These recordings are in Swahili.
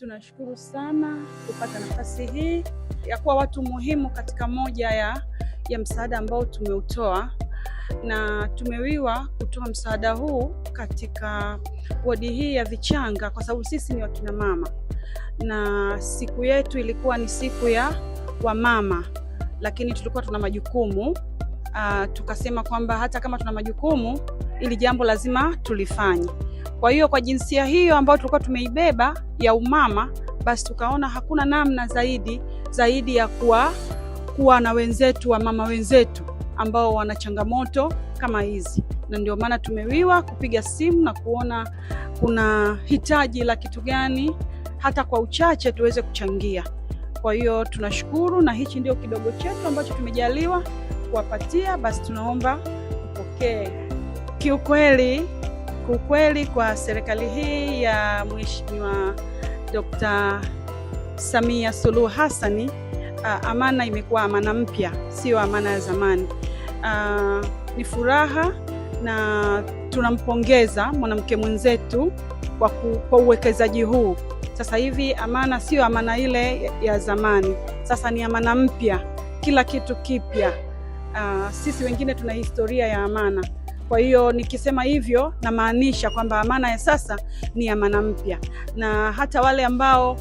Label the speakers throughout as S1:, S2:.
S1: Tunashukuru sana kupata nafasi hii ya kuwa watu muhimu katika moja ya, ya msaada ambao tumeutoa na tumewiwa kutoa msaada huu katika wodi hii ya vichanga, kwa sababu sisi ni wakina mama na siku yetu ilikuwa ni siku ya wamama, lakini tulikuwa tuna majukumu uh, tukasema kwamba hata kama tuna majukumu, ili jambo lazima tulifanye. Kwa hiyo kwa jinsia hiyo ambayo tulikuwa tumeibeba ya umama, basi tukaona hakuna namna zaidi zaidi ya kuwa kuwa na wenzetu wa mama wenzetu ambao wana changamoto kama hizi, na ndio maana tumewiwa kupiga simu na kuona kuna hitaji la kitu gani hata kwa uchache tuweze kuchangia. Kwa hiyo tunashukuru, na hichi ndio kidogo chetu ambacho tumejaliwa kuwapatia, basi tunaomba upokee. Okay. Kiukweli ukweli kwa serikali hii ya Mheshimiwa Dr. Samia Suluhu uh, amana imekuwa amana mpya, sio amana ya zamani. Uh, ni furaha na tunampongeza mwanamke mwenzetu kwa, kwa uwekezaji huu. Sasa hivi amana siyo amana ile ya zamani, sasa ni amana mpya, kila kitu kipya. Uh, sisi wengine tuna historia ya amana. Kwa hiyo nikisema hivyo, namaanisha kwamba amana ya sasa ni amana mpya, na hata wale ambao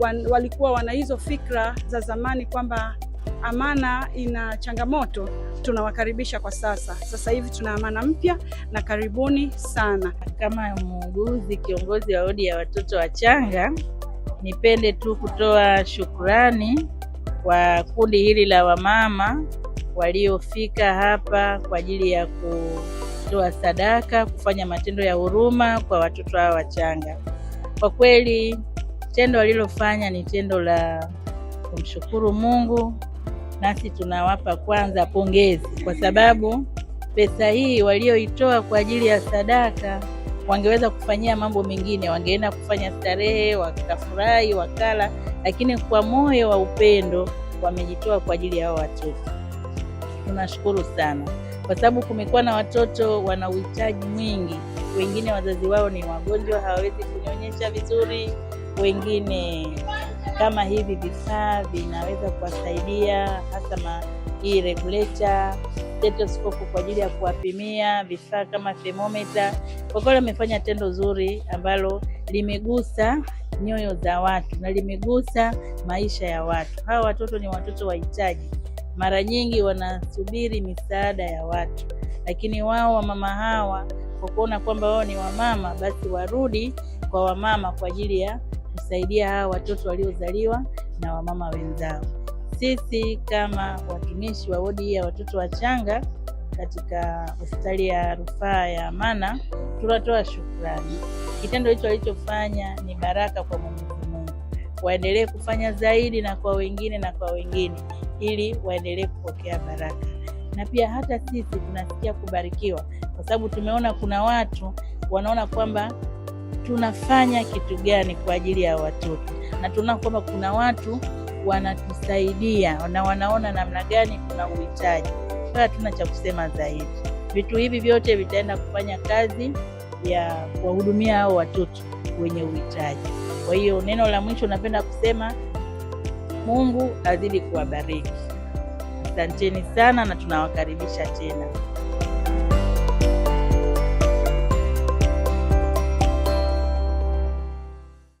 S1: wan, walikuwa wana hizo fikra za zamani kwamba amana ina changamoto, tunawakaribisha kwa sasa. Sasa hivi tuna amana mpya na karibuni sana.
S2: Kama muuguzi kiongozi wa wodi ya watoto wachanga, nipende tu kutoa shukurani kwa kundi hili la wamama waliofika hapa kwa ajili ya ku kutoa sadaka, kufanya matendo ya huruma kwa watoto hawa wachanga. Kwa kweli tendo alilofanya ni tendo la kumshukuru Mungu, nasi tunawapa kwanza pongezi, kwa sababu pesa hii walioitoa kwa ajili ya sadaka wangeweza kufanyia mambo mengine, wangeenda kufanya starehe, wakafurahi, wakala, lakini kwa moyo wa upendo wamejitoa kwa ajili ya hao watoto. Tunashukuru sana kwa sababu kumekuwa na watoto wana uhitaji mwingi. Wengine wazazi wao ni wagonjwa, hawawezi kunyonyesha vizuri, wengine kama hivi vifaa vinaweza kuwasaidia, hasa hii regulator, stethoscope kwa ajili ya kuwapimia, vifaa kama thermometer. Kwa kweli amefanya tendo zuri ambalo limegusa nyoyo za watu na limegusa maisha ya watu. Hawa watoto ni watoto wahitaji mara nyingi wanasubiri misaada ya watu, lakini wao wamama hawa kwa kuona kwamba wao ni wamama, basi warudi kwa wamama kwa ajili ya kusaidia hawa watoto waliozaliwa na wamama wenzao. Sisi kama watumishi wa wodi ya watoto wachanga katika hospitali ya rufaa ya Amana tunatoa shukrani. Kitendo hicho alichofanya ni baraka kwa Mwenyezi Mungu, waendelee kufanya zaidi na kwa wengine na kwa wengine ili waendelee kupokea baraka, na pia hata sisi tunasikia kubarikiwa, kwa sababu tumeona kuna watu wanaona kwamba tunafanya kitu gani kwa ajili ya watoto, na tunaona kwamba kuna watu wanatusaidia na wanaona namna gani tuna uhitaji. Kwa hatuna cha kusema zaidi. Vitu hivi vyote vitaenda kufanya kazi ya kuwahudumia hao watoto wenye uhitaji. Kwa hiyo neno la mwisho napenda kusema Mungu azidi kuwabariki. Asanteni sana na tunawakaribisha tena.